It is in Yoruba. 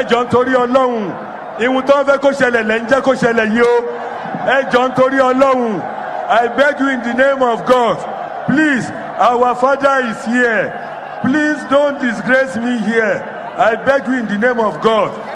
ẹ jọ ń torí ọlọ́run ìhun tó ń fẹ́ kó ṣẹlẹ̀ lẹ́ ń jẹ́ kó ṣẹlẹ̀ yìí o ẹ jọ ń torí ọlọ́run I beg you in the name of God please our father is here please don't disgrace me here I beg you in the name of God.